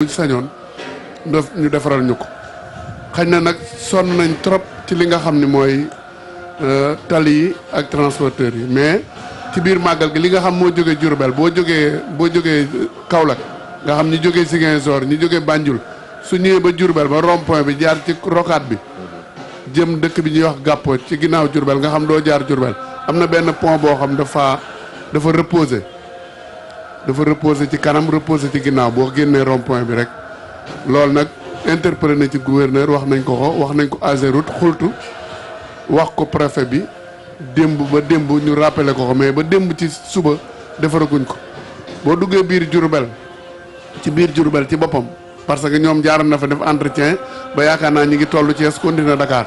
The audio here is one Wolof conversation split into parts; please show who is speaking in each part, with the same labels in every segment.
Speaker 1: buñ sañoon ñu defaral ñu ko xañ na nag sonn nañ trop ci li nga xam ni mooy euh, tali yi ak transporteurs yi mais ci biir màggal gi li nga xam moo jógee Diourbel boo jógee boo jógee Kaolack nga xam ñu jógee Ziguinchor ñu jógee Banjul su ñëwee ba Diourbel ba rompoint bi jaar ci rocade bi jëm dëkk bi ñuy wax Gàppo ci ginnaaw Diourbel nga xam doo jaar Diourbel am na benn pont boo xam dafa dafa reposé dafa reposer ci kanam reposer ci ginnaaw boo génnee rond bi rek loolu nag interpellé na ci gouverneur wax nañ ko ko wax nañ ko Azerut xultu wax ko préfet bi démb ba démb ñu rappelé ko ko mais ba démb ci suba defaraguñ ko boo duggee biir Diourbel ci biir Diourbel ci boppam parce que ñoom jaar na fa def entretien ba yaakaar naa ñi ngi toll di na dakaar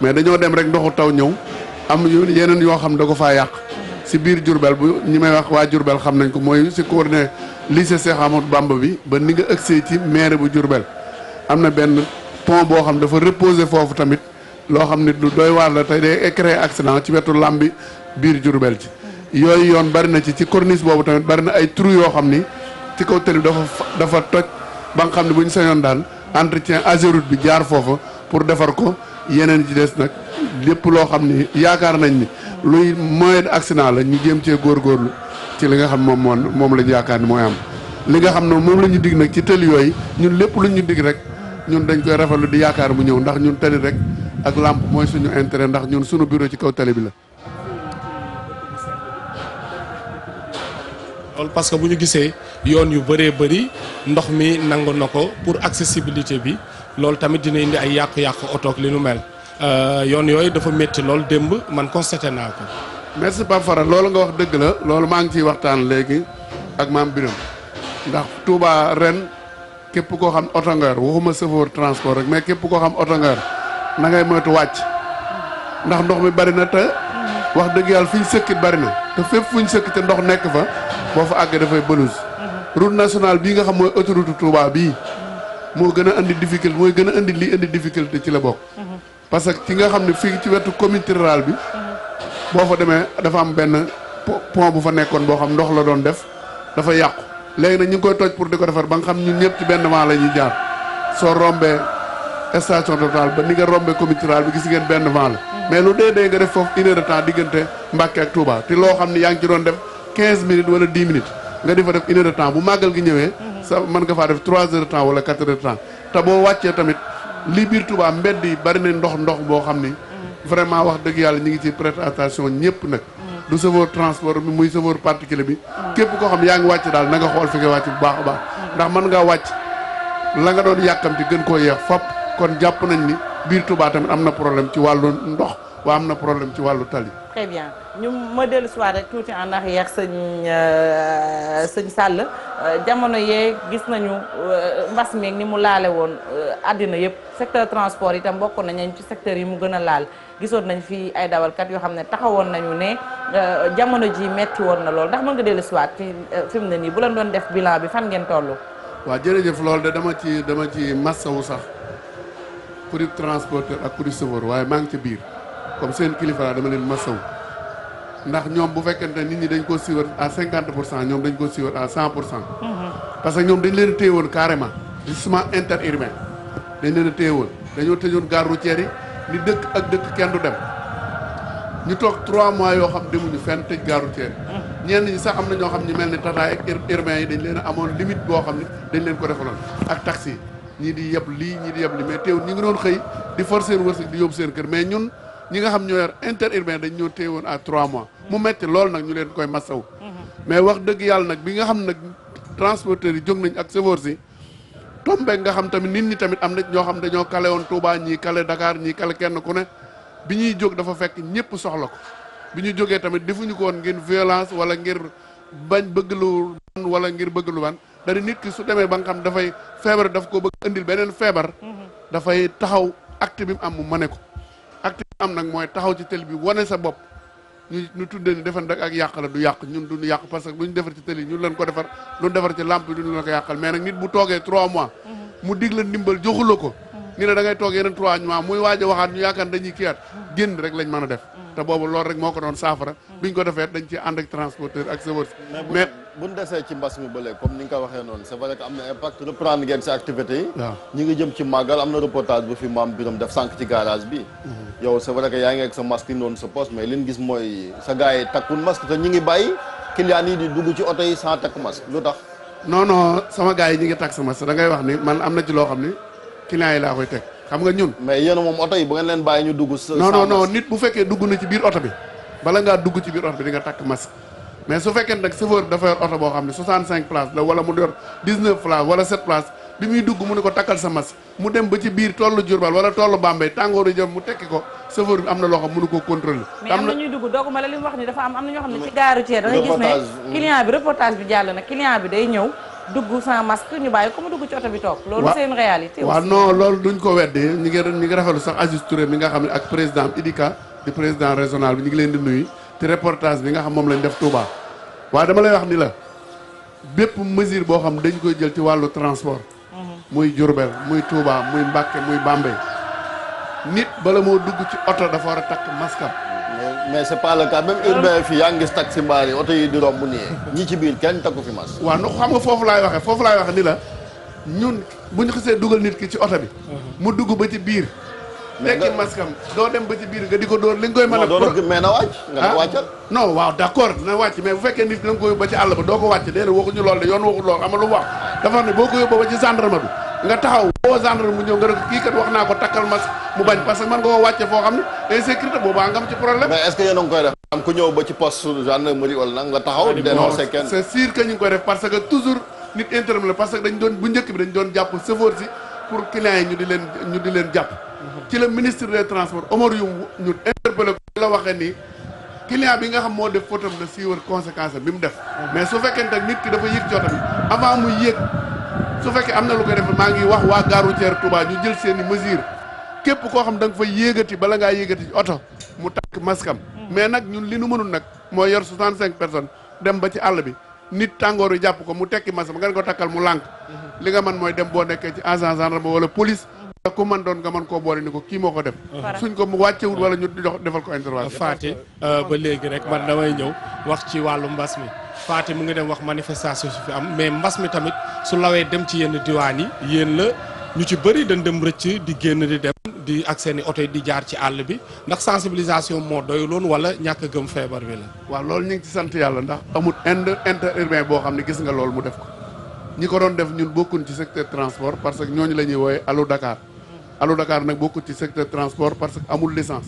Speaker 1: mais dañoo dem rek ndoxu taw ñëw am yeneen yoo xam da ko faa yàq si biir Jurbel bu ñi may wax waa Jurbel xam nañ ko mooy si coordonné lycée Cheikh Amadou Bamba bi ba ni nga ëgsee ci maire bu Jurbel am na benn pont boo xam dafa reposer foofu tamit loo xam ne du doy waar la tey day créer accident ci wetu làmbi biir Jurbel ci yooyu yoon bari na ci ci corniche boobu tamit bari na ay trou yoo xam ni ci kaw tëli dafa dafa toj ba nga xam ne bu ñu sañoon daal entretien Ageroute bi jaar foofa pour defar ko yeneen ci des nag lépp loo xam ni yaakaar nañ ni luy moyen accident la ñu jéem cee góorgóorlu ci li nga xam moom moon moom lañ yaakaar ni mooy am li xam ne moom la ñu dig nag ci tëli yooyu ñun lépp lu ñu dig rek ñun dañ koy rafetlu di yaakaar mu ñëw ndax ñun tëli rek ak làmp mooy suñu intérêt ndax ñun suñu bureau ci kaw tëli bi la
Speaker 2: parce que bu ñu gisee yoon yu bëree bëri ndox mi nangu na ko pour accessibilité bi loolu tamit dina indi ay yàq-yàq oto li nu mel euh, yoon yooyu dafa métti lool démb man constaté naa ko. merci Pape Fara loolu nga wax dëgg la loolu
Speaker 1: maa ngi ciy waxtaan léegi ak maam biram ndax Touba ren képp koo xam oto nga yor waxuma chauffeur transport rek mais képp koo xam oto nga yor na ngay moytu wàcc ndax ndox mi bari na te wax dëgg yàlla fi ñu sëkkit bari na te fépp fu ñu sëkk ndox nekk fa boo fa àggee dafay bëlus mhm. route nationale bii nga xam mooy autoroute Touba bii. moo gën a andi difficulté mooy gën a indi lii indi difficulté ci la bokk. parce que ci nga xam ne fii ci wetu communauté rurale bi. boo fa demee dafa am benn pont bu fa nekkoon boo xam ndox la doon def dafa yàqu. léegi na ñu ngi koy toj pour di ko defar ba nga xam ñun ñëpp ci benn vent la ñuy jaar soo rombee station Total ba ni nga rombee communauté rurale bi gis ngeen benn vent la. mais lu dee dee nga def foofu une heure de temps diggante Mbacke ak Touba te loo xam ne yaa ngi ci doon def 15 minutes wala 10 minutes nga di fa def une heure bu màggal gi ñëwee. sa mën nga faa def trois heures de temps wala quatre heures de temps te boo wàccee tamit li biir tubaa mbedd yi bari na ndox ndox boo xam ni vraiment wax dëgg yàlla ñu ngi ci prête attention ñëpp nag du chauffeur transport bi muy chauffeur particulier bi képp koo xam yaa ngi wàcc daal na nga xool fi nga wàcc bu baax a baax ndax mën ngaa wàcc la nga doon yàkkamti gën koo yeex fop kon jàpp nañ ni biir tubaa tamit am na problème ci wàllu ndox waa am na problème ci wàllu tali
Speaker 3: très bien ñu ma dellu si waat rek tuuti en arrière sëñ euh, sëñ Sall euh, jamono yee gis nañu euh, mbas meeg ni mu laale woon àddina yëpp secteur transport yi itam bokk nañu ci secteur yi mu gën a laal gisoon nañ fi ay dawalkat yoo xam ne taxawoon nañu ne jamono ji metti woon na lool ndax mën nga dellu si waat ci fi ne nii bu la doon def bilan bi fan ngeen toll.
Speaker 1: waaw jërëjëf loolu de dama ci dama ci massawu sax pour transporteur ak pour chauffeur waaye maa ngi ci biir. comme seen kilifa laa dama leen ndax ñoom bu fekkente nit ñi dañ koo suivre à cinquante pour cent ñoom dañ ko suivre à cent pour cent parce que ñoom dañ leen a téye woon carrément justement interurbain dañ leen a woon dañoo tëjoon gare routière yi ni dëkk ak dëkk kenn du dem ñu toog trois mois yoo xam demuñu fenn tëj gare routière yi ñenn ñu sax am na ñoo xam ñu mel ni tata ak urbain yi dañ leen a amoon limite boo xam ne dañ leen ko defaloon ak taxi ñii di yeb lii ñii di yeb lii mais doon xëy di for seen wërsëg mais ñun ñi nga xam ñoo yor interurbain dañ ñoo téye woon a trois mois mu metti lool nag ñu leen koy masaw mais wax dëgg yàlla nag bi nga xam nag transporteurs yi jóg nañ ak chauffeur si tombe nga xam tamit nit ñi tamit am na ñoo xam dañoo kale woon Touba ñii kale Dakar ñii kale kenn ku ne bi ñuy jóg dafa fekk ñëpp soxla ko bi ñu jógee tamit defuñu ko woon ngir violence wala ngir bañ bëgg lu ban wala ngir bëgg lu ban dari nit ki su demee ba nga xam dafay feebar daf ko bëgg indil beneen feebar mm-hmm. dafay taxaw acte bi mu am mu ko am nag mooy taxaw ci tëli bi wane sa bopp ñu ñu ni defan rek ak yàq du yàq ñun duñu yàq parce que lu ñu defar ci tëli ñun lañ ko defar lu ñu defar ci lampe yi duñu la ko yàqal mais nag nit bu toogee trois mois mm-hmm. mu dig ndimbal joxu ko mm-hmm. ni la da toog yeneen trois mois muy waaj a waxaat ñu yaakaar dañuy kiyaat mm-hmm. génn rek lañ mën a def te boobu loolu rek moo ko doon saafara biñ ko defee dañ ci ànd ak transporteur ak
Speaker 4: chauffeur mais bu ñu desee ci mbas mi ba léegi comme ni nga ko waxee noonu c'est vrai que am na impact reprendre ngeen si activité yi. waaw ñu ngi jëm ci màggal am na reportage bu fi maam Birame def ci garage bi. Mhm. yow c'est vrai que yaa ngi ak sa masque yi noonu sa poche mais li gis mooy sa gars yi takkul masque te ñu ngi bàyyi clients yi di dugg ci oto yi sans takk masque lu tax. non sama gars yi ñu ngi takk sa masque da wax ni man am na ci loo xam ni clients yi laa koy teg xam nga ñun. mais yéen moom oto yi bu ngeen leen bàyyi ñu dugg. sa
Speaker 1: na ci biir oto bi bala ngaa dugg ci biir oto bi di nga takk mais su fekkee nag chauffeur dafa yor oto boo xam ne 65 places la wala mu yor 19 places wala 7 places bi muy dugg mu ne ko takkal sa masque mu dem ba ci biir tollu Diourbel wala tollu Bambey tàngooru jëm mu tekki ko
Speaker 3: chauffeur bi am na loo xam
Speaker 1: mënu ko contrôler. am na mais am na
Speaker 3: ñuy dugg dooguma la li mu wax ni dafa am am na ñoo xam ne ci gare routière da nga bi reportage bi jàll na client bi day ñëw. dugg sans masque ñu bàyyi ko dugg ci loolu c'est une
Speaker 1: ko weddi ñu ngi ñu ngi sax Aziz Touré mi nga xam ne ak président IDICA président régional bi ñu ngi leen di nuyu ci reportage bi nga xam moom lañ def Touba waaye dama lay wax ni la bépp mesure boo xam dañ koy jël ci wàllu transport muy Diourbel muy Touba muy Mbacké muy Bambey nit bala moo dugg ci oto dafa war a takk masque
Speaker 4: mais c'est pas le cas même urbain ah. fii yaa ngi gis taxi mbaar yi oto yi di romb nii ñi ci biir kenn takku fi masque
Speaker 1: waaw xam nga foofu laay waxee foofu laay wax ni la ñun bu ñu xasee dugal nit ki ci oto bi mhm. mu dugg ba ci biir tekki maskam doo dem ba ci biir nga di ko dóor li koy mën a mais na wàcc nga na ah? wàccal non waaw d'accord na wàcc mais bu fekkee nit da nga ko ci àll ba doo ko naa ko takkal masque mu bañ parce que mën nga koo wàcce foo ne insécurité a ngi koy def am ku ñëw ba ci poste gendarmerie wala nag nga taxaw dénoncer kenn c'est sûr que ñu koy def parce que toujours nit interme la parce que dañ doon bu njëkk bi dañ doon jàpp chauffeur si pour clients yi ñu di leen jàpp ci la ministre des transports Omar Youm ñun interpellé ko la waxee ni client bi nga xam moo def fautam na siiwar conséquence bi mu def mais su fekkente nit ki dafa yëg cootam avant mu yëg su fekkee am na lu koy def maa ngi wax waa gare routière Touba ñu jël seeni i képp koo xam da nga fa yéegati bala ngaa yéegati oto mu takk maskam mais nag ñun li nu mënul nag moo yor 65 personne dem ba ci àll bi nit tàngoor yu jàpp ko mu tekki maskam nga ko takkal mu lànk mm-hmm. li nga man mooy dem boo nekkee ci agence gendarme wala police da ko man doon nga mën koo boole ni ko kii moo ko def suñ ko wàccewul
Speaker 2: wala ñu jox defal ko intervention Faty euh, ba léegi rek man damay ñëw wax ci wàllu mbas mi Faty mu ngi dem wax manifestation su fi am mais mbas mi tamit su lawee dem ci yenn diwaan yi yéen la ñu ci bëri dañ dem rëcc di génn di dem di ak seen i oto di jaar ci àll bi ndax sensibilisation moo doyuloon wala ñàkk gëm feebar bi la waa loolu ñu sant yàlla ndax amul
Speaker 1: ind inter urbain boo xam ne gis nga loolu mu def ko ñi ko doon def ñun bokkuñ ci transport parce que ñooñu la ñuy wooye alu Dakar allo Dakar nag bokkul ci secteur transport parce que amul licence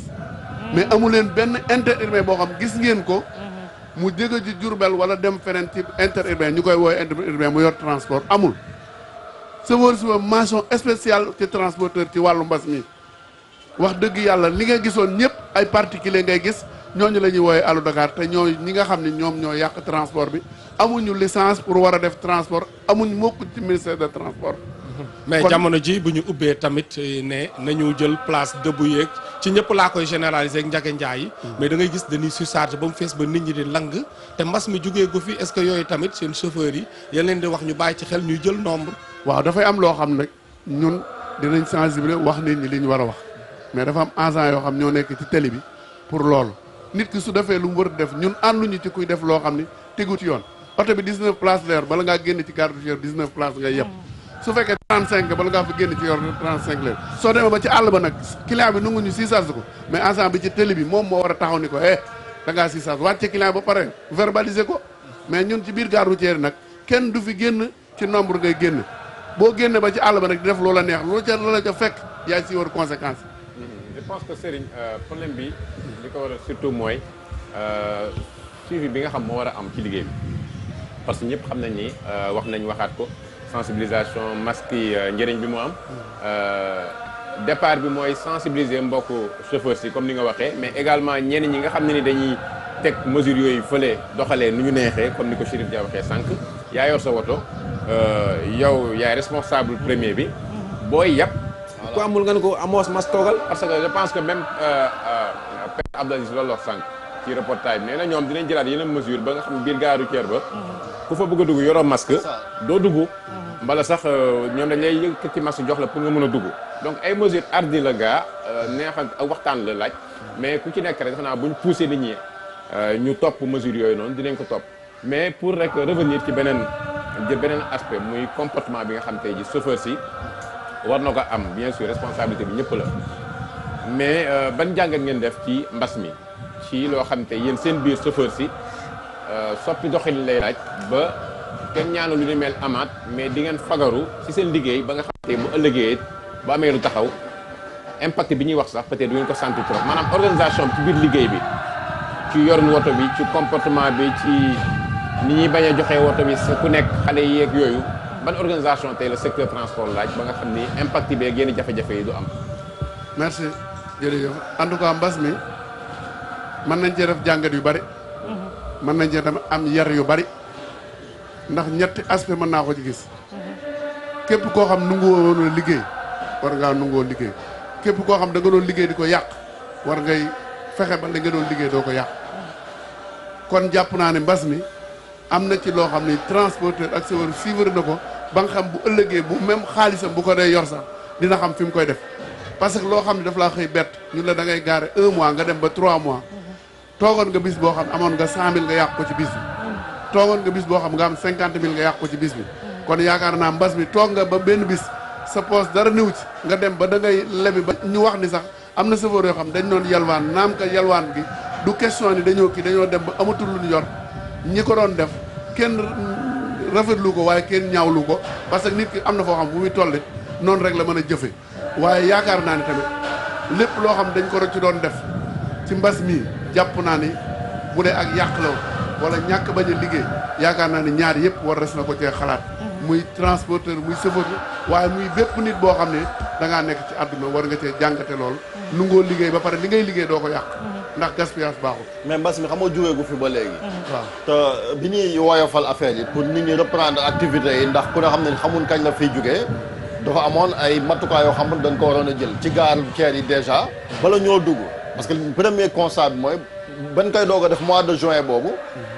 Speaker 1: mais amu leen benn interurbain boo xam gis ngeen ko mu jóge ji jurubel wala dem feneen ci interurbain ñu koy woowee interurbain mu yor transport amul sofër si mention spéciale ci transporteur ci wàllu mbas mi wax dëgg yàlla li nga gisoon ñëpp ay particulier ngay gis ñooñu la ñuy woowee allo Dakar te ñoo ñi nga xam ne ñoom ñoo yàq transport bi amuñu licence pour war a def transport amuñ mokk ci de transport
Speaker 2: mais jamono ji bu ñu ubbee tamit eh, ne nañu jël place debout yeeg ci ñëpp laa koy généraliser ak njage njaay yi mais da ngay gis dañuy surcharge ba mu fees ba nit ñi di lang te mbas mi jugee ko fi est-ce que yooyu tamit seen chauffeurs yi yéen leen di wax ñu bàyyi ci xel ñuy jël nombre waaw dafay am loo xam
Speaker 1: nag ñun dinañ sensibiliser wax nit ñi li ñu war a wax mais dafa am agent yoo xam ñoo nekk ci télé bi pour loolu nit ki su defee lu mu war def ñun ànduñu ci kuy def loo xam ni tegut yoon oto bi 19 places leer bala ngaa ci gare routière 19 places ngay yem hmm. su fekkee 35 nga bala ngaa fa génn ci yor 35 leen soo demee ba ci àll ba nag client bi nanguñu siisas ko mais ensemble bi ci télé bi moom moo war a taxaw ni ko eh da ngaa siisas wàcce client ba pare verbaliser ko mais ñun ci biir gare routière nag kenn du fi génn ci nombre ngay génn boo génne ba ci àll ba nag di def a neex loola ca a ca fekk yaay si war conséquence
Speaker 2: je pense que Serigne euh, problème bi li ko war a surtout mooy euh, suivi bi nga xam moo war a am ci liggéey bi parce que ñëpp xam nañ ni euh, wax nañ waxaat ko sensibilisation masque yi euh, njëriñ bi mu am. Euh, départ bi mooy sensibiliser mbokk chauffeurs yi comme ni nga waxe mais également ñenn ñi nga xam ne ni dañuy teg mesures yooyu fële doxalee nu ñu neexee comme ni ko Chérif Dia waxee sànq yaa yor sa woto euh, yow yaay responsable premier bi boo yàpp. ku amul nga ne ko amoos mas toogal parce que je pense que même Père Abdelaziz loolu wax sànq ci reportage nee na ñoom dinañ jëlaat yeneen mesure ba nga xam biir gaaru routière ba ku fa bëgg mbala sax euh, ñoom dañ lay yëg ci marché jox la pour nga mën a dugg donc ay mesures ardi la gaa euh, neex a waxtaan la laaj mais ku ci nekk rek defe naa buñ poussé nit ñi euh, ñu topp mesures yooyu noonu dinañ ko topp mais pour rek revenir ci beneen jë aspect muy comportement bi nga xam tey ji chauffeur si war na ko am bien sûr responsabilité bi ñëpp la mais ban jàngat ngeen def ci mbas mi ci loo xam te yéen seen biir chauffeur si soppi doxin lay laaj ba kenn ñaanu lu ni mel amaat mais di ngeen fagaru ci seen liggéey ba nga xam xamante bu ëllëgee bu amee lu taxaw impact bi ñuy wax sax peut-être du ngeen ko sentir trop maanaam organisation ci biir liggéey bi ci yorin woto bi ci comportement bi ci ni ñuy bañ joxe woto bi sa ku nekk xale yi yeeg yooyu ban organisation tey la secteur transport laaj ba nga xam ni impact bee ak yenn jafe-jafe yi du am.
Speaker 1: merci en tout cas mbas mi mën nañ cee def jàngat yu bari.
Speaker 5: Mhm.
Speaker 1: mën nañ cee dem am yar yu bari. ndax ñetti aspect mën naa ko ci gis képp koo xam nungu woon liggéey war ngaa nungoo liggéey képp koo xam da nga doon liggéey di ko yàq war ngay fexe ba la nga doon liggéey doo ko yàq kon jàpp naa ne mbas mi am na ci loo xam ne transporteur ak chauffeur suivre na ko ba nga xam bu ëllëgee bu même xaalisam bu ko dee yor sax dina xam fi mu koy def parce que loo xam ne daf laa xëy bett ñu la da ngay gaare un mois nga dem ba trois mois toogoon nga bis boo xam amoon nga cent mille nga yàq ko ci bis toogoon nga bis boo xam nga am cinquante mille nga yàq ko ci bis bi kon yaakaar naa mbas mi toog nga ba benn bis sa poos dara niw ci nga dem ba da ngay lebi ba ñu wax ni sax am na safar yoo xam dañ doon yalwaan naam ka yalwaan gi du question ni dañoo kii dañoo dem ba amatul lu ñu yor ñi ko doon def kenn rafetlu ko waaye kenn ñaawlu ko parce que nit ki am na foo xam bu muy tollit noonu rek la mën a jëfe waaye yaakaar naa ni tamit lépp loo xam dañ ko ci doon def ci mbas mii jàpp naa ni bu dee ak yàq la wala ñàkk bañ a liggéey yaakaar naa ne ñaar yëpp war res na ko cee xalaat mhm. muy transporteur muy chauffeur waaye muy bépp nit boo xam ne da ngaa nekk ci àdduna war nga cee jàngate lool mhm. nu ngoo liggéey ba pare li ngay liggéey doo
Speaker 4: ko yàq mhm. ndax gaspillage baaxul mais mbas mi xamoo jógee gu fi ba léegi waaw te bi ñuy woyofal affaire yi pour nit ñi reprendre activité yi ndax ku ne xam ne xamul kañ la fiy jógee dafa amoon ay matukaay yoo xam ne dañ ko waroon a jël ci gaar ceer yi dèjà bala ñoo dugg parce que ban koy doog def mois de juin boobu.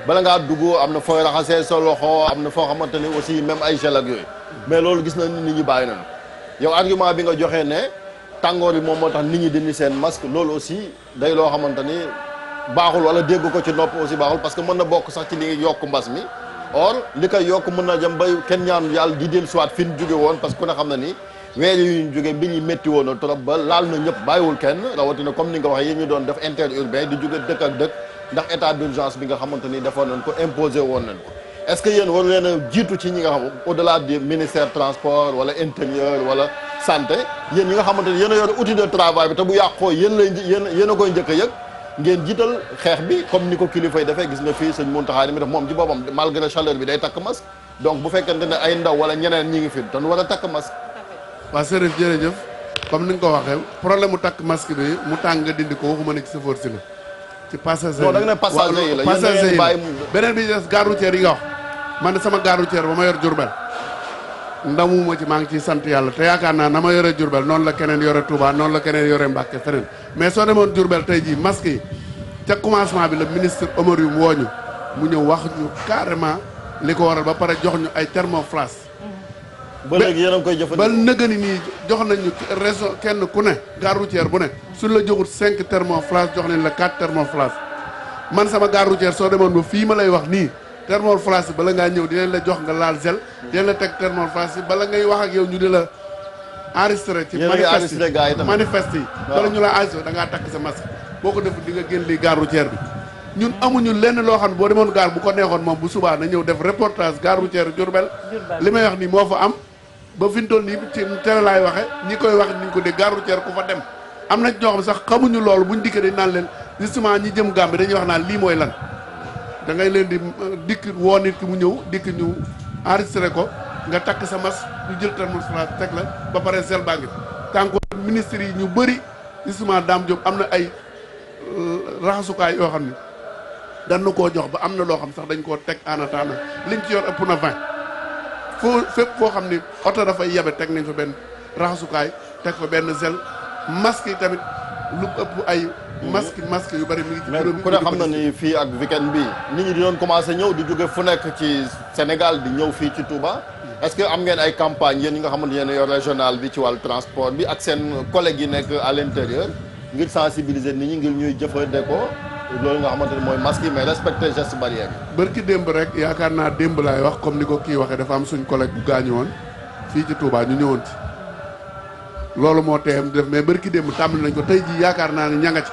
Speaker 4: bala ngaa dugg am na fooy raxasee sa loxo am na foo xamante ne aussi même ay gel ak yooyu. mais loolu gis nañ nit ñi bàyyi nañu. yow argument bi nga joxee ne tàngoor yi moom moo tax nit ñi dindi seen masque loolu aussi day loo xamante ni baaxul wala dégg ko ci nopp aussi baaxul parce que mën na bokk sax ci li yokk mbas mi. or li koy yokk mën na jëm bay kenn ñaan yàlla di dellusiwaat fi ñu jóge woon parce que ku ne xam na ni. weer yu ñu jóge bi ñu métti woon na trop ba laal na ñëpp bàyyiwul kenn rawatina comme ni nga waxee yi ñu doon def interurbain di jóge dëkk ak dëkk ndax état d'urgence bi nga xamante ni defoon nañ ko imposé woon nañ ko ci ñi nga xam au-delà du ministère transport wala intérieur wala santé yéen ñi nga xamante ni yéen a yor outil de travail bi te bu yàqoo yéen lay yéen yéen koy njëkk a yëg ngeen jiital xeex bi comme ni ko kilifa yi defee gis na fii sëñ Mountakha mi def moom ci boppam malgré chaleur bi day takk masque donc bu ñi ngi fi doon a takk
Speaker 1: waa sërëf jërëjëf comme ni nga ko waxee problème mu takk masque bi mu tàng dindi ko waxuma ne ci sëfoor si la ci passager yi non da nga ne passager yi la passager yi beneen bi des gare routière yi nga wax man sama gare routière ba ma yor Jurbel ndamuma ci maa ngi ciy sant yàlla te yaakaar naa na ma yore Jurbel noon la keneen yore Touba noon la keneen yore Mbàkke feneen mais soo demoon Jurbel tey jii masque yi ca commencement bi la ministre Omar Youm wooñu mu ñëw wax ñu carrément li ko waral ba pare jox ñu ay thermoflash ba léegi yéen a ngi koy jëfandikoo ba nëgëni nii jox nañu réseau kenn ku ne gare routière bu ne suñu la joxut cinq thermoflash jox nañ la quatre thermoflash man sama gare routière soo demoon ba fii ma lay wax nii thermoflash bala ngaa ñëw dinañ la jox nga laal gel dinañ la teg thermoflash bala ngay wax ak yow ñu di la enregistré ci manifeste yi bala ñu la enregistré da ngaa takk sa masque boo ko def di nga génn li gare routière bi ñun amuñu lenn loo xam ne boo demoon gaar bu ko neexoon moom bu subaa na ñëw def reportage gare routière Diourbel li may wax nii moo fa am ba fi ñu toll nii ci télé laay waxe ñi koy wax ni ñu ko dégg gare routière ku fa dem am na ñoo xam sax xamuñu loolu buñ dikkee dañ naan leen justement ñi jëm Gàmbi dañuy wax naan lii mooy lan da ngay leen di euh, dikk woo nit ki mu ñëw dikk ñu enregistré ko nga takk sa mas ñu jël thermostat teg la ba pare sel baa ngi tànko ministres yi ñu bëri justement daam Diop am na ay euh, raxasukaay yoo xam ne dañ na koo jox ba am na loo xam sax dañ koo teg en attendant liñ ci yor ëpp na vingt foo fépp foo xam ni oto dafay yabe teg nañ fa benn
Speaker 4: raxasukaay teg fa benn zel masque yi tamit lu ëpp ay masque masque yu bari mi ngi ci ku ne xam na ni fii ak weekend bi nit ñi di doon commencé ñëw di jóge fu nekk ci Sénégal di ñëw fii ci Touba est-ce que am ngeen ay campagne yéen ñi nga xamante ne yor régional bi ci wàllu transport bi ak seen collègue yi nekk à l'intérieur ngir sensibiliser nit ñi ngir ñuy jëfandikoo loolu nga xamante ne mooy masque yi mais respecter geste barrière yi. bërki démb rek
Speaker 1: yaakaar naa démb laay wax comme ni ko kii waxee dafa am suñ collègue bu gaañu woon fii ci Touba ñu ñëwoon ci. loolu moo teem def mais bërki démb tàmbali nañ ko tey ji yaakaar naa ne ña nga ci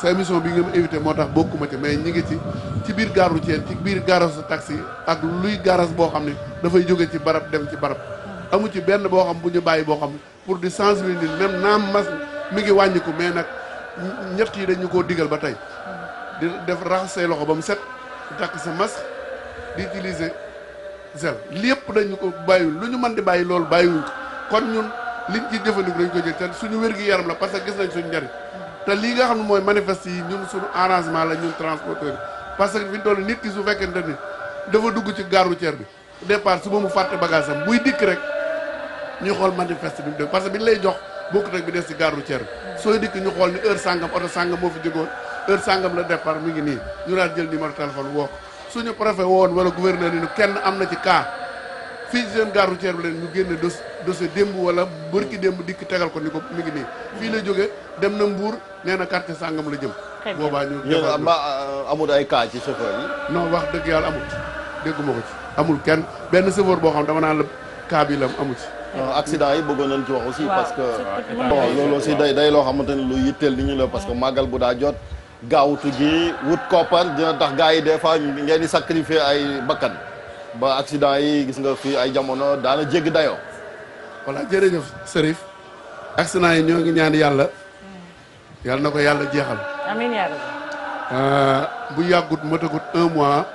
Speaker 1: sa émission bi nga ma invité moo tax bokkuma ci mais ñi ngi ci ci biir gare routière ci biir garage taxi ak luy garage boo xam ne dafay jóge ci barab dem ci barab amu ci benn boo xam bu ñu bàyyi boo xam pour di sensibiliser même naam mas mi ngi wàññiku mais nag ñett yi dañu koo digal ba tey di def raxas say loxo ba mu set di takk sa masque di utiliser zel lépp dañu ko bàyyiwul lu ñu mën di bàyyi loolu bàyyiwul kon ñun liñ ci jëfandiku dañ ko jël te suñu wér-gi-yaram la parce que gis nañ suñu njariñ te lii nga xam ne mooy manifeste yi ñun suñu arrangement la ñun transporteur yi parce que fi ñu toll nit ki su fekkente ni dafa dugg ci gare routière bi départ suba mu fàtte bagage am buy dikk rek ñu xool manifeste bi parce que bi ñu lay jox bokkut ak bi def ci gare routière bi sooy dikk ñu xool ni heure sàngam oto sàngam moo fi jógoon heure sàngam la départ mi ngi nii ñu daal jël numéro téléphone woo suñu préfet woon wala gouverneur yi kenn am na ci cas fii ci seen gare routière bi leen ñu génne dos dossier démb wala bërki démb dikk tegal ko ni ko mi ngi nii fii la jóge dem na mbuur nee na quartier sàngam la jëm.
Speaker 4: boobaa ñu defar euh, amul ay cas ci chauffeur yi.
Speaker 1: non wax dëgg yàlla amul dégguma ko ci amul kenn benn chauffeur boo xam dama naan la cas bi lam amu ci.
Speaker 4: Euh, accident yi bëggoon nañ ci wax aussi parce que bon loolu aussi day day loo xamante ne lu yitteel ni ñu la que màggal bu daa gaawutu ji wut koppar dina tax gars yi de fois ngeen di sacrifier ay bakkan ba accident yi gis nga fii ay jamono daana jégg dayoo. wala jërëjëf
Speaker 1: Serif accident yi ñoo ngi ñaan yàlla yàlla na ko yàlla jeexal. Euh, bu yàggut matagut un mois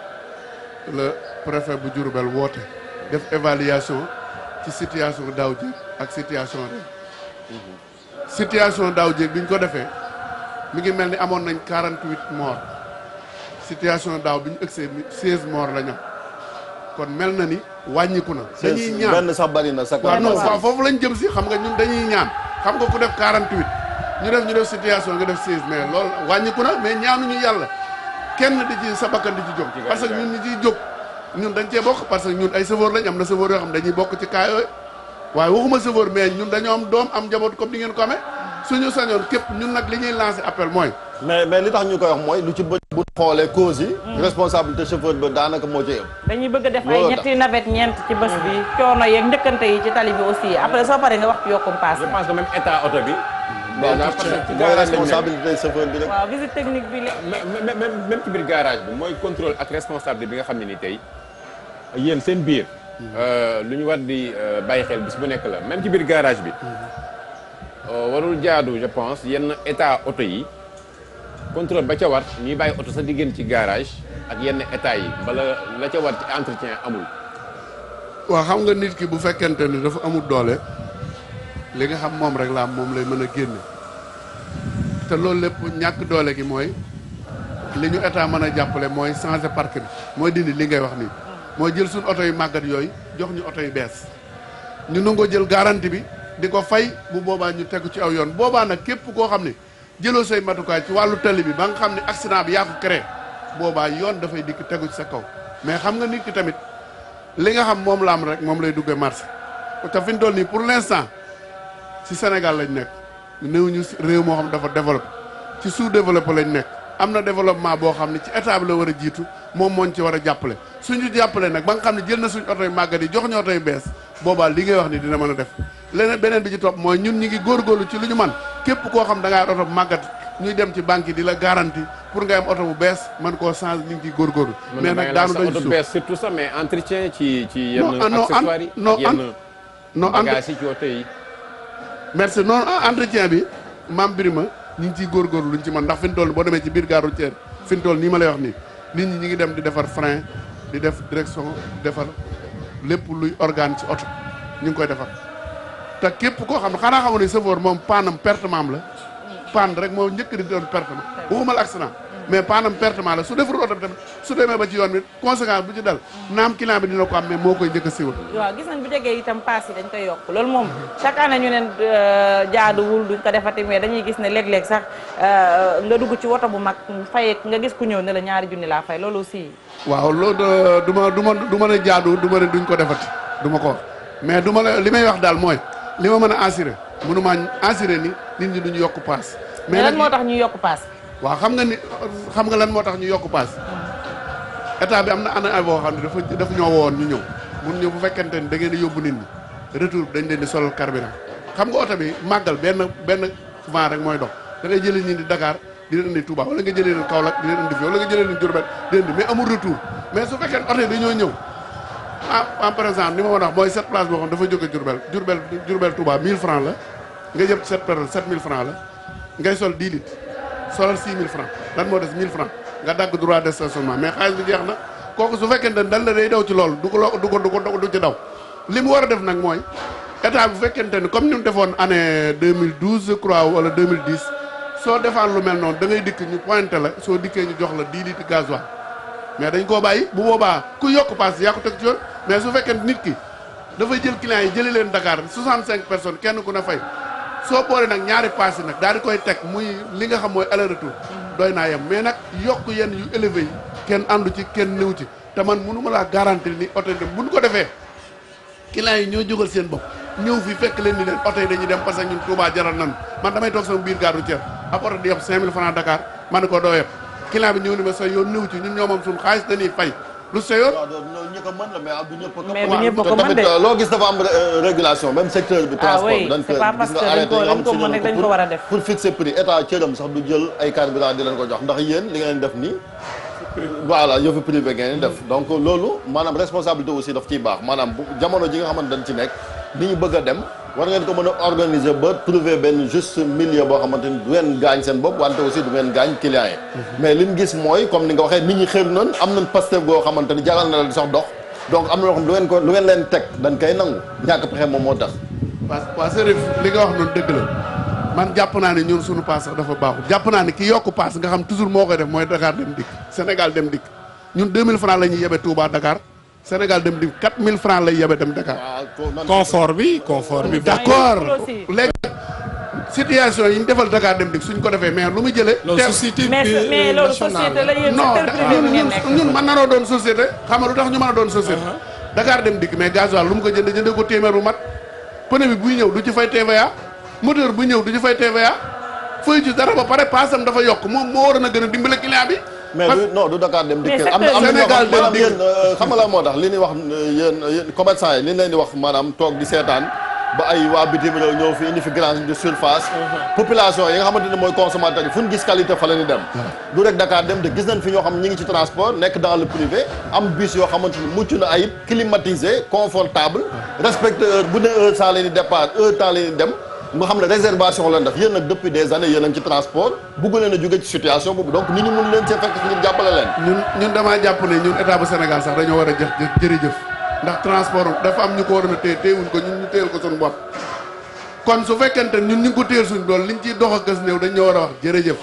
Speaker 1: le préfet bu Diourbel woote def évaluation ci situation daaw jéeg ak situation ren. Mhm. situation daaw jég bi ñu ko defee. mi ngi mel ni amoon nañ 48 morts situation daaw bi ñu ëgsee 16 morts la ñu kon mel na ni wàññiku na. dañuy ñaan benn
Speaker 4: bari na. sa non waaw foofu
Speaker 1: lañ jëm si xam nga ñun dañuy ñaan xam nga ku def 48 ñu def ñu def situation nga def 16 mais lool wàññiku na mais ñaanuñu yàlla kenn di ci sa bakkan di ci jóg. parce que ñun ñi ciy jóg ñun dañ cee bokk parce que ñun ay chauffeur lañ am na chauffeur yoo xam dañuy bokk ci kaa yooyu waaye waxuma chauffeur mais
Speaker 4: ñun dañoo am doom am njaboot comme ni ngeen ko amee. suñu sañoon képp ñun nag li ñuy lancé appel mooy. mais mais li tax ñu koy wax mooy lu ci bë bu xoolee cause yi. Hmm. responsabilité chauffeur moo ci ëpp.
Speaker 3: dañuy bëgg def ay ñetti bi. coono yeeg njëkkante yi mooy
Speaker 4: responsabilité chauffeur bi rek. waaw
Speaker 2: la. même ci biir garage bi mooy xam ne ni tey yéen seen biir. Hmm. Euh, lu ñu war di euh, bàyyi xel bis bu nekk la même ci biir garage bi. Hmm. Euh, warul jaadu je pense yenn état oto yi contrôle ba ca war ñuy bàyyi oto sa diggéen ci garage ak yenn état yi bala la ca war entretien amul
Speaker 1: waa xam nga nit ki bu fekkente ni dafa amul doole li nga xam moom rek laa am moom lay mën a génne te loolu lépp ñàkk doole ki mooy li ñu état mën a jàppale mooy changer parc bi mooy dindi li ngay wax nii mooy jël suñu oto yu màggat yooyu jox ñu oto yu bees ñu nangoo jël garantie bi di ko fay bu boobaa ñu tegu ci aw yoon boobaa nag képp koo xam ne jëloo say matukaay ci wàllu tali bi ba nga xam ne accident bi yaa ko créé boobaa yoon dafay dikk tegu ci sa kaw mais xam nga nit ki tamit li nga xam moom la am rek moom lay duggee marché te fi ñu toll nii pour l'instant si Sénégal lañ nekk néew ñu réew moo xam dafa développé ci suu développé lañ nekk am na développement boo xam ne ci état la war a jiitu moom mooñ ci war a jàppale suñu jàppale nag ba nga xam ne jël na suñu oto yu màggat yi jox ñu yu bees boobaa li ngay wax ni dina mën a def leneen beneen bi ci topp mooy ñun ñu ngi góor góorlu ci lu ñu man képp koo xam da ngaa oto bu màggat ñuy dem ci banque di la garanti pour nga am oto bu bees man koo change ñu ngi ciy góorgóorlu mais nag daanu dañu suuf bees
Speaker 2: surtout ça mais entretien ci ci yenn accessoires yi non yenn non bagage yi ci oto yi
Speaker 1: merci non entretien bi maam biri ma ñu ngi ciy góorgóorlu lu ñu ci mën ndax fi ñu toll boo demee ci biir gare routière fi ñu toll nii ma lay wax nii nit ñi ñu ngi dem di defar frein di def direction defar lépp luy organe ci oto ñu ngi koy defar te képp koo xam ne xanaa xamoon ne chauffeur moom paanam pertement la panne rek moo njëkk di doon pertement waxumal mais paanam pertement la su deful oto bi tamit su demee yoon bi conséquence bu ci dal naam client bi dina moo koy njëkk a siiwal
Speaker 3: waaw gis nañ bu jegee itam paas yi dañ koy yokk loolu moom chaque année neen euh, jaaduwul duñ ko defati mais dañuy gis ne léeg-léeg sax euh, nga dugg ci woto bu mag fayee nga gis ku ñëw ne la ñaari junni laa fay loolu aussi
Speaker 1: waaw loolu du ma du ma du ma ne jaaduwul du ma ne duñ ko defati du ma ko mais du ma li may wax daal mooy li ma mën a assuré mënumaa assuré ni nit ñi duñu yokk paas. mais lan
Speaker 3: moo tax ñu yokk paas.
Speaker 1: waa xam nga ni xam nga lan moo tax ñu yokk paas. état bi am na ana boo xam ne dafa dafa ñoo woon ñu ñëw mun ñëw bu fekkente ni da ngeen di yóbbu nit ñi retour dañ leen di solal carburant xam nga oto bi màggal benn benn vent rek mooy dox da ngay jëlee ñi di Dakar di leen indi Touba wala nga jëlee leen Kaolack di leen indi fi wala nga jëlee leen di leen indi mais retour mais su fekkee oto yi dañoo ñëw Ah, ah par exemple li ma mën a wax mooy sept place boo xam dafa jóge Diourbel Diourbel Diourbel Touba 1000 francs la nga jëm sept période 7000 francs la ngay sol 10 lan moo des 1000 francs nga dagg droit de stationnement mais xaalis bi jeex na kooku su fekkee ne dan la day daw ci loolu du ko du ko du ko du ci daw li mu war a def nag mooy état bu fekkente ni comme ni mu defoon année 2012 je crois wala 2010 soo defaan lu mel noonu da dikk ñu pointé la soo dikkee ñu jox la 10 litres mais dañ koo bàyyi bu boobaa ku yokk paas yaa ko teg ci mais su fekkee nit ki dafay jël client yi jëli leen Dakar 65 personnes kenn ku ne fay soo boole nag ñaari paas yi nag daa di koy teg muy li nga xam mooy aller retour doy naa yem mais nag yokk yenn yu élevé yi kenn àndu ci kenn néew ci te man mënu ma laa garantir ni oto yi buñ ko defee client yi ñoo jógal seen bopp ñëw fi fekk leen ni leen oto yi dañuy dem parce que ñun Touba jaral nan man damay toog sama biir client bi ñëw ni ma sa yoon ñëw ci ñun ñoo moom suñu xaalis dañuy fay lu sa yoon ñi ko mën
Speaker 4: la mais du ñëpp ko mën de euh, loo gis dafa am euh, régulation même secteur bi ah transport bi ko mën rek def pour fixer prix état cëram sax du jël ay carburant di leen ko jox ndax yéen li ngeen def nii voilà yëfu privé ngeen def donc loolu maanaam responsabilité aussi daf ciy baax maanaam jamono ji nga xamante dañ ci nekk ni ñu bëgg a dem war ngeen ko mën a organiser ba trouver benn juste milieu boo xamante ni du ngeen gaañ seen bopp wante aussi du ngeen gaañ clients mhm. mais li ñu gis mooy comme ni nga waxee nit ñi xëy noonu am nañ Pastef goo xamante ni jaral na sax dox donc am na lu ngeen leen teg dañ koy nangu ñàkk pexe moom moo tax. waaw waaw
Speaker 1: li nga wax noonu dëgg la man jàpp naa ne ñun suñu paas sax dafa baaxul jàpp naa ne ki yokku paas nga xam toujours moo koy def mooy Dakar dem dikk Sénégal dem dikk Sénégal dem di 4000 francs lay yebe dem Dakar. confort bi confort bi. d'accord léegi situation yi ñu defal Dakar dem dik suñ ko defee mais lu mu jëlee. loolu société mais euh, loolu société la yéen secteur privé bi non ñun mën naroo doon société xam nga lu tax ñu mën a doon société. Uh-huh. Dakar dem dikk mais gasoil lu mu ko jënd jëndee ko téeméer bu mat pneu bi buy ñëw du ci fay TVA moteur bu ñëw du ci fay TVA fay ci dara ba pare paasam dafa yokk moom moo waroon a gën a dimbale client bi. mais non du Dakar dem dikk am na Sénégal euh,
Speaker 4: moo tax li ñuy wax euh, euh, yéen commerçant yi li ñu leen di wax maanaam toog di seetaan ba ay waa bitim réew ñëw fi indi fi grande surface uh-huh. population yi nga xamante ne mooy consommateur yi fu ñu gis qualité fa la ñu dem uh-huh. du rek Dakar dem de gis nañ fi ñoo xam ñi ngi ci transport nekk dans le privé am bus yoo xamante ni mucc na ayib climatisé confortable uh-huh. respecte heure bu ne heure saa leen di départ heure temps leen dem nga xam ne réservation lañ def yéen nag depuis des années yéen a ngi ci transport bugg leen a jóge ci situation boobu donc nit ñi mun leen see fekk si jàppale leen ñun ñun damaa jàpp ne ñun état bu Sénégal sax dañoo war a jëf
Speaker 1: jërëjëf ndax transport dafa am ñu ko war a téye téyewuñ ko ñun ñu téyel ko suñu bopp kon su fekkente ñun ñu ko téyel suñu dool liñ ciy dox ak gës néew dañ ñoo war a wax jërëjëf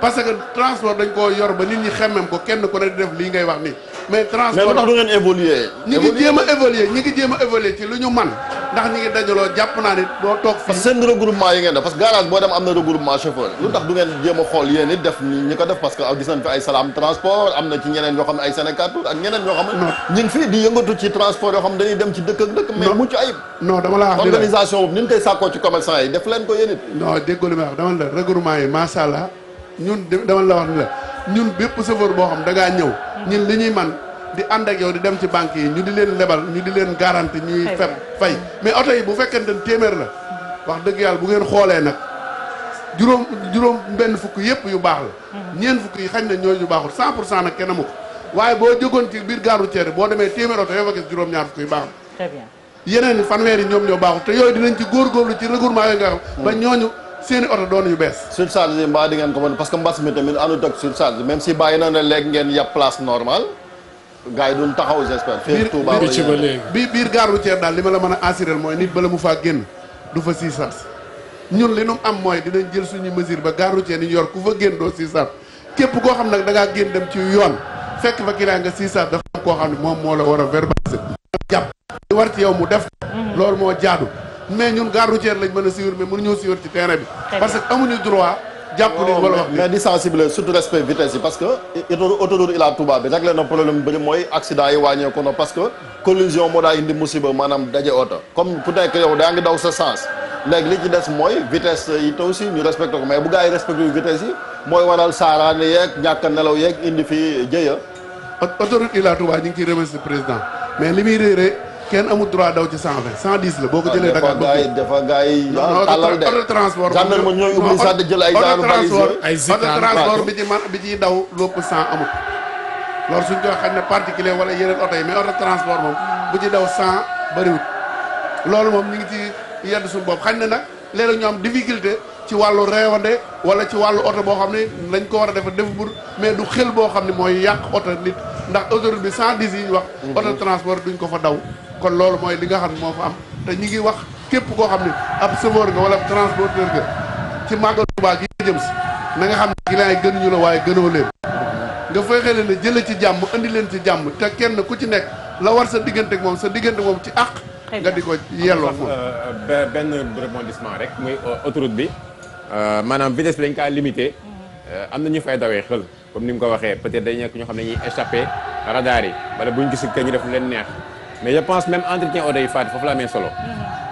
Speaker 1: parce que transport dañ koo yor ba nit ñi xemmem ko kenn ko ne di lii ngay wax nii mais transport mais lu tax du ngeen
Speaker 4: évoluer. ñi ngi ci lu ñu man ndax ñi ngi dajaloo jàpp naa nit doo toog fii. parce que seen regroupement yi ngeen def parce que garage boo dem am na regroupement chauffeur lu tax du ngeen jéem a xool yéen it def ñi ko def parce que gis nañ fi ay salaam transport am na ci ñeneen yoo xam ne ay Sénégal Tour ak ñeneen di yëngatu ci transport yoo xam ne dem ci dëkk ak dëkk mais mucc ayib non dama la wax organisation boobu ni ñu koy sàkkoo ci commerçant yi dama la
Speaker 1: wax ni la ñun bépp chauffeur boo xam da ngaa ñëw ñun li ñuy man di àndak yow di dem ci banque yi ñu di leen lebal ñu di leen garanti ñuy feb fay mais oto yi bu fekkente ne téeméer la wax dëgg yàlla bu ngeen xoolee nag juróom juróom benn fukk yëpp yu baax la mhm. ñeent fukk xañ na ñooy yu baaxul cent pour cent nag kenn amu ko waaye boo jógoon ci biir gare routière boo demee téeméer oto yoo juróom-ñaar fukk baax la très bien yeneen fanweer ñoom ñoo baaxul te yooyu dinañ ci góorlu
Speaker 4: ci regroupement yooyu nga xam mhm. seeni oto doon yu bees surcharge yi mbaa di ngeen ko mën parce que mbas mi tamit àndut ak surcharge même si bàyyi na ne léegi ngeen yàpp place normale gars yi duñ taxaw j'espère fii Touba
Speaker 1: bi biir gare routière daal li ma la mën a assurer mooy nit bala mu faa génn du fa sii ñun li nu am mooy dinañ jël suñu mesure ba gare routière ni ñu yor ku fa génn doo sii képp koo xam nag da ngaa génn dem ci yoon fekk fa kilaa nga sii sars dafa am koo xam ne moom moo la war a verbaliser jàpp li war ci yow mu def mm-hmm. loolu moo jaadu mais ñun gare routière
Speaker 4: lañ mën a suivre mais mënuñoo suivre ci terrain bi. parce que amuñu droit. jàpp ni wala wax mais di sensibiliser surtout respect vitesse yi parce que autoroute Ila Touba bi réglé na problème bëri mooy accident yi wàññeeku na parce que collision moo daa indi musiba maanaam daje oto comme ku nekk yow daa ngi daw sa sens léegi li ci des mooy vitesse yi te aussi ñu respecté ko mais bu gaa yi respecté vitesse yi mooy waral saaraan yeeg ñàkk nelaw yeeg indi fi jëya
Speaker 1: autoroute Ila Touba ñu ngi ciy remercier kenn amul droit daw ci cent vingt cent dix la boo ko jëlee Dakar ba fii dafa gars ah, yi auto transport ñooy bi ci man bi ciy daw lépp cent amut loolu suñ ko xañ ne particulier wala yeneen oto yi mais auto transport moom bu ci daw cent bëriwut loolu moom ñu ngi ci yedd suñu bopp xañ ne nag léeg-léeg ñu am difficulté ci wàllu réewande wala ci wàllu oto boo xam ne dañ ko war a defa def bu mais du xel boo xam ne mooy yàq oto nit ndax autoroute bi cent dix yi ñu wax auto mhm. transport duñ ko fa daw kon loolu mooy li nga xam ne moo fa am te ñi ngi wax képp koo xam ne ab chauffeur ga wala transporteur nga ci màggal Tuubaa gi jëm si na nga xam ne client yi gënuñu la waaye gënoo leen nga fexe leen ne jële ci jàmm andi leen ci jàmm te kenn ku ci nekk
Speaker 2: la war sa diggante ak moom sa diggante moom ci àq nga di ko yelloo foofu euh, benn rebondissement rek muy euh, autoroute bi euh, maanaam vitesse bi lañ kaa limité am na ñu fay dawee xël comme ni mu ko waxee peut-être dañ nekk ñoo xam ne ñuy échappé radar yi wala buñ gis que ñu def leen neex mais yi faati foofu la solo.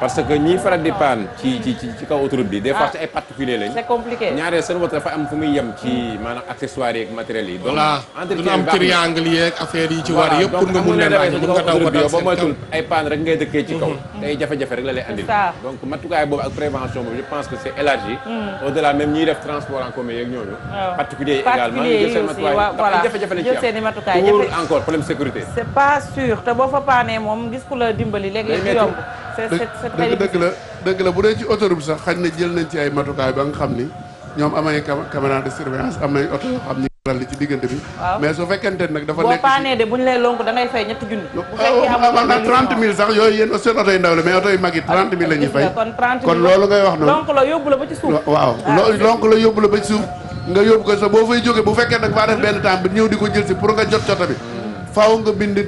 Speaker 2: parce que ñiy faral paan ci kaw autoroute bi. des fois ah. ay particulier lañ. c'est compliqué ñaareel seen am fu muy yem. ci hmm. maanaam accessoires yeeg matériels yi. donc entretien bi am triangle yeeg affaire yi ci war yëpp pour nga mun leen aaj nga taw ba ay paan rek ngay dëkkee ci kaw. Hmm. te jafe-jafe rek la lay andil. donc matukaay boobu ak prévention boobu je pense que c'est élargi. Hmm. au delà même ñiy def transport en commun yeeg ñooñu. particulier yi également
Speaker 3: ñu moom gis ku la dimbali léegi du la
Speaker 1: dëgg la bu dee ci autoroute bi sax xañ na jël nañ ci ay matukaay ba nga xam ni ñoom am ay de surveillance am oto xam ni ci diggante bi mais su fekkente nag dafa nekk boo
Speaker 3: paanee de bu ñu lay lonk da ngay fay ñetti junni
Speaker 1: bu fekkee nag faa def benn temps bi ñëw di ko jël si pour nga jot cota bi faaw nga bind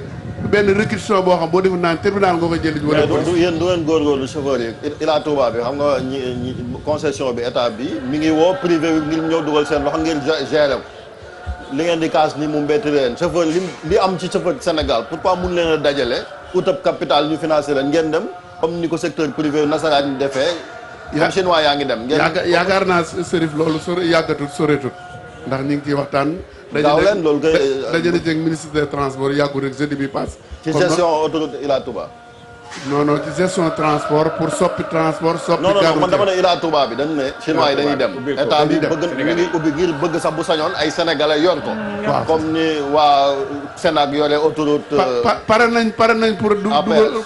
Speaker 1: benn réquisition boo xam boo defu naan tribunal nga ko jëli wala
Speaker 4: yéen du ngeen góorgóorlu chauffeur yi ilaa Touba bi xam nga concession bi état bi mi ngi woo privé bi ngir ñëw dugal seen loxo ngeen gérer li ngeen di kaas ni mu mbetti leen chauffeur li li am ci chauffeur Sénégal pourquoi mun leen dajale utab capital ñu financé lañ ngeen dem comme ni ko secteur privé nasaraan ñu defee comme chinois yaa ngi dem
Speaker 1: yaakaar naa Serif loolu sore yàggatul soreetul ndax ñu ngi ciy waxtaan gaaw leen loolu
Speaker 4: kay dajale euh,
Speaker 1: jëng ministre des transports yàggul rek jeudi bi passe. pour soppi transport. soppi non non man dama ne Ila
Speaker 4: Touba bi dañu ne. chinois yi dañuy dem état bi bëgg ñu ngi ubbi ngir bëgg sax bu sañoon ay sénégalais yor ko. comme ni waa Sénac yore autoroute. Euh, pare
Speaker 1: nañ pare nañ pour.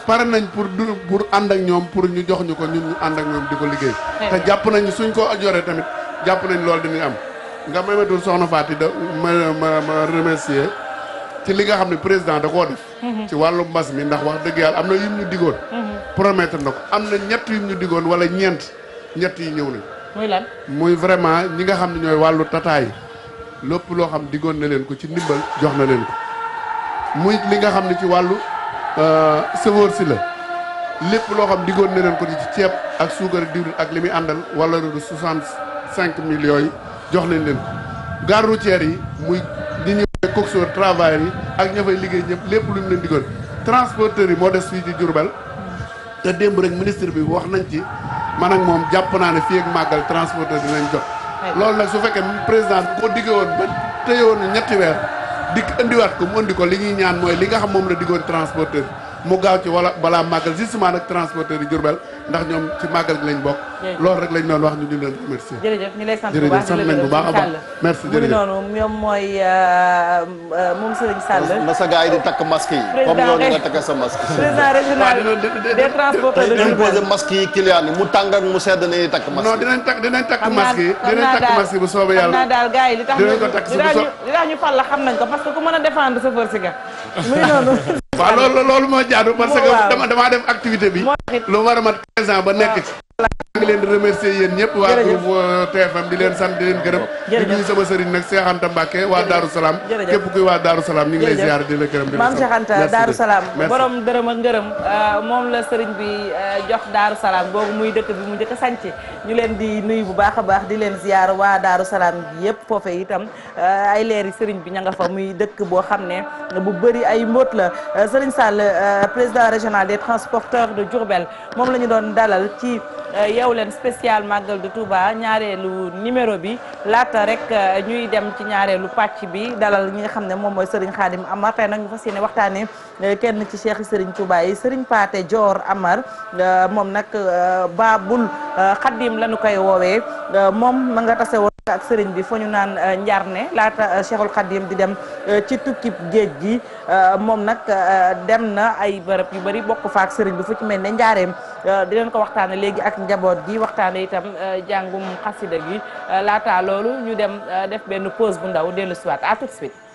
Speaker 1: pare nañ pour du pour ànd ak ñoom pour ñu jox ñu ko ñun ñu ànd ak ñoom di ko liggéey. te jàpp nañ suñ ko joree tamit jàpp nañ loolu dinañ am. nga may ma tur soxna Faty da ma ma ma remercier ci li nga xam ne président da koo def. Mhm. ci wàllu mbas mi ndax wax dëgg yàlla am na yim ñu digoon. Mhm. promettre na ko am na ñett yim ñu digoon wala ñeent ñett yi ñëw nañ. muy lan vraiment ñi nga xam ne ñooy wàllu tataay lépp loo xam digoon na leen ko ci ndimbal jox na leen ko muy li nga xam ne ci wàllu euh, sëfoor si la. lépp loo xam diggoon ne leen ko ci ceeb ak suukar diwlin ak li muy àndal wala soixante cinq millions yi jox nañ leen ko gare routière yi muy ñi ñuy woowee coxeur travail yi ak ña fay liggéey ñëpp lépp lu ñu leen digoon transporteurs yi moo def fii ci Diourbel te démb rek ministre bi wax nañ ci man moom jàpp naa ne fii ak màggal transporteur dinañ jox loolu nag su fekkee président bi ko diggee woon ba téye ñetti weer dikk indiwaat ko mu indi ko li ñuy ñaan mooy li nga xam moom la diggoon transporteur mu gaaw ci wala balaa màggal justement ak transporteur yi Diourbel ndax ñoom ci màggal gi lañ bokk loolu rek lañ doon wax ñu di leen merci
Speaker 3: jërëjëf ñu lay sant bu baax sant nañ mooy euh, euh, moom Serigne Sall na sa gars
Speaker 4: yi di takk masque yi
Speaker 1: comme
Speaker 3: yow nga takk
Speaker 4: sa masque président régional
Speaker 3: des transporteurs
Speaker 4: de Diourbel imposé masque mu tàngal mu sedd nañu takk masque non dinañ takk dinañ takk masque yi bu soobee yàlla xam naa
Speaker 3: daal gars yi li nañ ko parce que ku mën a défendre sa force nga muy noonu waaw loolu
Speaker 1: loolu moo jaadu parce que dama damaa def activité bi lu war a mat 15 ba nekk ci maa ngi leen di remercier yéen ñëpp waa groupe euh, TFM di leen sant di leen gërëm di nuyu Daaru Salaam képp la
Speaker 3: gërëm ak ngërëm euh, moom la sëriñ bi euh, jox Daaru Salaam boobu muy dëkk bi mu njëkk a ñu leen di nuy bu baax a baax di leen ziar waa Daaru Salaam bi yëpp foofe itam ay leeri sëriñ bi ña nga fa muy dëkk boo xam ne bu bëri ay mbóot la sëriñ Sall président régional des transporteurs de Diourbel moom la ñu doon dalal ci yeewu leen spécial màggal de Touba ñaareelu numéro bi laata rek euh, ñuy dem ci ñaareelu pàcc bi dalal ñi nga xam ne moom mooy Serigne Khadim Amar tey nag ñu fas yéene waxtaanee. Eh, kenn ci cheikh Serigne Touba yi Serigne Paate joor Amar eh, moom nag eh, Baabul Xadim lañu koy woowee moom ma nga tase woon ak Serigne bi foo ñu naan Njarne laata Cheikhul Xadim di dem ci tukkib géej gi moom nag dem na ay bërëb yu bëri bokk fa ak Serigne bi fu ci mel ne Njaareem di leen ko waxtaane léegi ak njaboot gi waxtaane itam jàngum xasida yi laata loolu ñu dem def benn pose bu ndaw dellu siwaat à tout suite